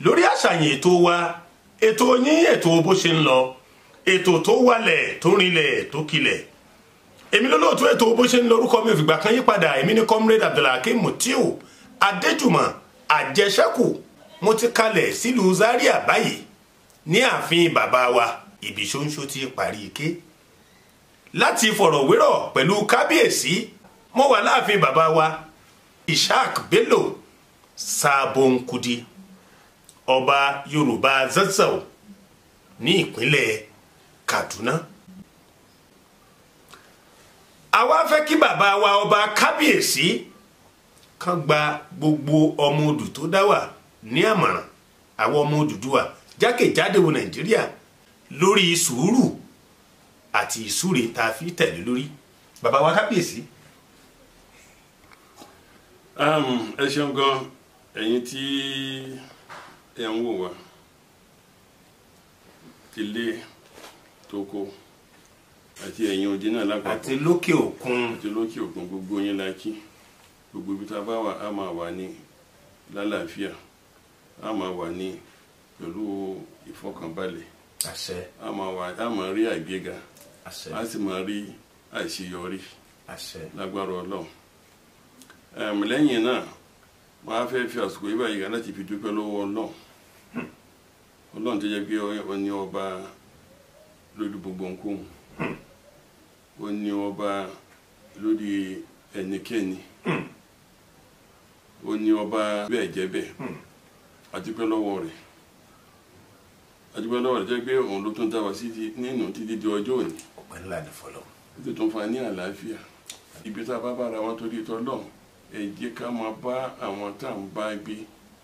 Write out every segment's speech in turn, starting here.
lórí àṣàyàn ètò wa ètò yín ètò bó ṣe ń lọ ètò tó wálẹ̀ tó rinlẹ̀ tó kilẹ̀ èmi lólóòtú ètò bó ṣe ń lórúkọ mi òfìgbà kan yípadà èmi ní comrade abdulhakeem mutiu adéjùmọ̀ àjẹṣẹ́kù mo ti kalẹ̀ sílùú zaria báyìí ní ààfin bàbá wa ibi ti parí ike láti fọ̀rọ̀wérọ̀ pẹ̀lú kábíyèsí mo wà láàfin bàbá wa ishaq bello sabon kudi ọba yorùbá zazzau ní ìpínlẹ̀ kaduna àwa fẹ́ kí bàbá wa ọba kábíyèsí kan gba gbogbo ọmọ odù tó dá wà ní àmọ̀ràn àwọn ọmọ Odùduwà jákèjádò nàìjíríà lórí sùúrù àti ìsúre tá a fi tẹ̀lé lórí bàbá wa kábíyèsí. ẹ ṣeun gan ẹ̀yin tí ẹ ń wò wá tilé toko àti ẹ̀yin òde náà lápapọ̀ àti lókè òkun àti lókè òkun gbogbo yín la kí gbogbo ibi tá a bá wà á máa wà ní lálàáfíà á máa wà ní pẹ̀lú ìfọkànbalẹ̀ àṣẹ á máa wà á máa rí àgbéga àṣẹ sì máa rí àṣeyọrí lágbára ọlọ́run lẹ́yìn náà wọ́n á fẹ́ fi àsìkò yìí báyìí láti fi dúpẹ́ lọ́wọ́ ọlọ́run ọlọ́run tó jẹ́ pé ó ní ọba lórí gbogbo nǹkan ó ní ọba lórí ẹnikẹ́ni ó ní ọba bẹ́ẹ̀ jẹ́ bẹ́ẹ̀ àdúpẹ́ lọ́wọ́ rẹ̀ àdúpẹ́ lọ́wọ́ rẹ̀ jẹ́ pé òun ló tún dá wa sí nínú títí di ọjọ́ òní. ọpẹ́ ńlá ni títí tó ń fa ní àlàáfíà ibi tá a bá bára wọn torí ìtọ́ lọ́hùn ẹ jẹ́ ká máa bá àwọn tá à ń bá gbé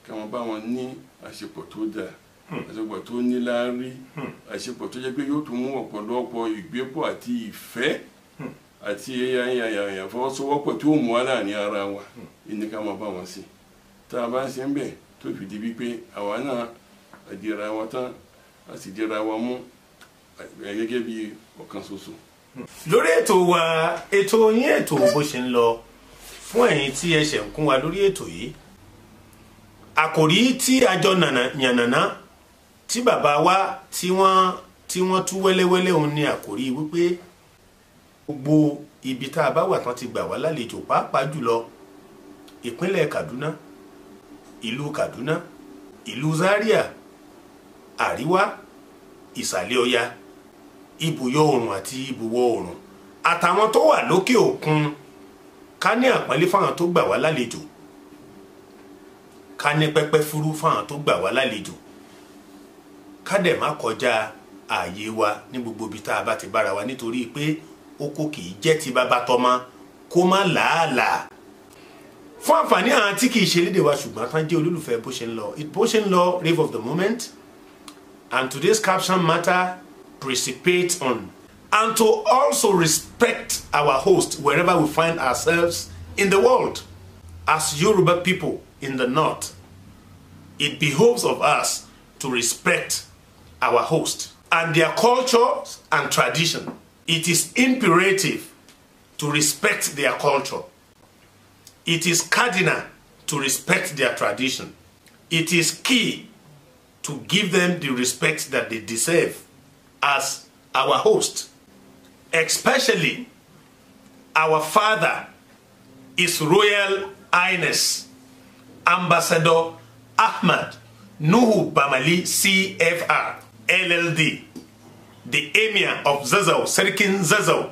ká máa bá wọn ní àṣepọ̀ tó dáa Hmm. àṣepọ̀ tó níláárí hmm. àṣepọ̀ tó jẹ́ pé yóò tún mú ọ̀pọ̀lọpọ̀ ìgbépọ̀ àti ìfẹ́ hmm. àti ẹyàyàyà fọwọ́sowọ́pọ̀ tí ó mú wá láàrin ara wa ní ká máa bá wọn sí tá a bá ń ṣe ń bẹ̀ tó fi di wípé àwa náà àdìra wa tán a sì dira wa mú gẹ́gẹ́ bí ọ̀kan ṣoṣo. lórí ètò wa ètò yín ètò bó ṣe ń lọ fún ẹ̀yin tí ẹ ṣẹ̀ ń kún wa lórí ètò yìí àkòrí tí a yànnàná tí bàbá wa tí wọ́n tí wọ́n tú wẹ́lẹ́wẹ́lẹ́ òun ni àkòrí wípé gbogbo ibi tá a bá wà tán ti gbà wá lálejò pàápàá jùlọ ìpínlẹ̀ Kaduna ìlú Kaduna ìlú Zaria àríwá ìsàlẹ̀ ọya ibùyọ oòrùn àti ibùwọ̀ oòrùn àtàwọn tó wà lókè òkun ká ní àpọ́nlé fáwọn tó gbà wá lálejò ká ní pẹ́pẹ́ fúrú fáwọn tó gbà wá lálejò ká dẹ̀ má kọjá ààyè wa ní gbogbo ibi tá a bá ti bára wa nítorí pé oko kì í jẹ́ ti bàbá tọmọ kó má làálàá fún àǹfààní àwọn tí kì í ṣe lédè wa ṣùgbọ́n tán jẹ́ olólùfẹ́ bó ṣe ń lọ it bó ṣe ń lọ rave of the moment and today's caption matter precipitate on and to also respect our host wherever we find ourselves in the world as Yoruba people in the north it behoves of us to respect our host and their cultures and tradition. It is imperative to respect their culture. It is cardinal to respect their tradition. It is key to give them the respect that they deserve as our host. Especially our father, His Royal Highness, Ambassador Ahmad Nuhu Bamali CFR. LLD, the Emir of Zazau, Serikin Zazau.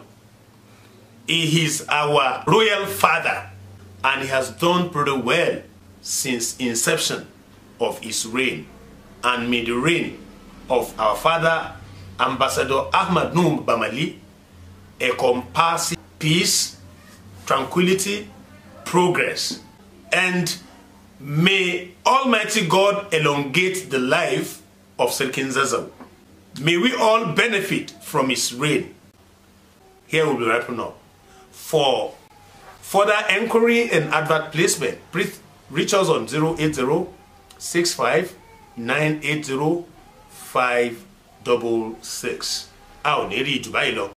He is our royal father and he has done pretty well since inception of his reign and made the reign of our father Ambassador Ahmad Noum Bamali encompass peace, tranquility, progress. And may Almighty God elongate the life of Sirkin May we all benefit from his reign. Here we'll be wrapping up. For further inquiry and advert placement, please reach us on 080 65 980 566. A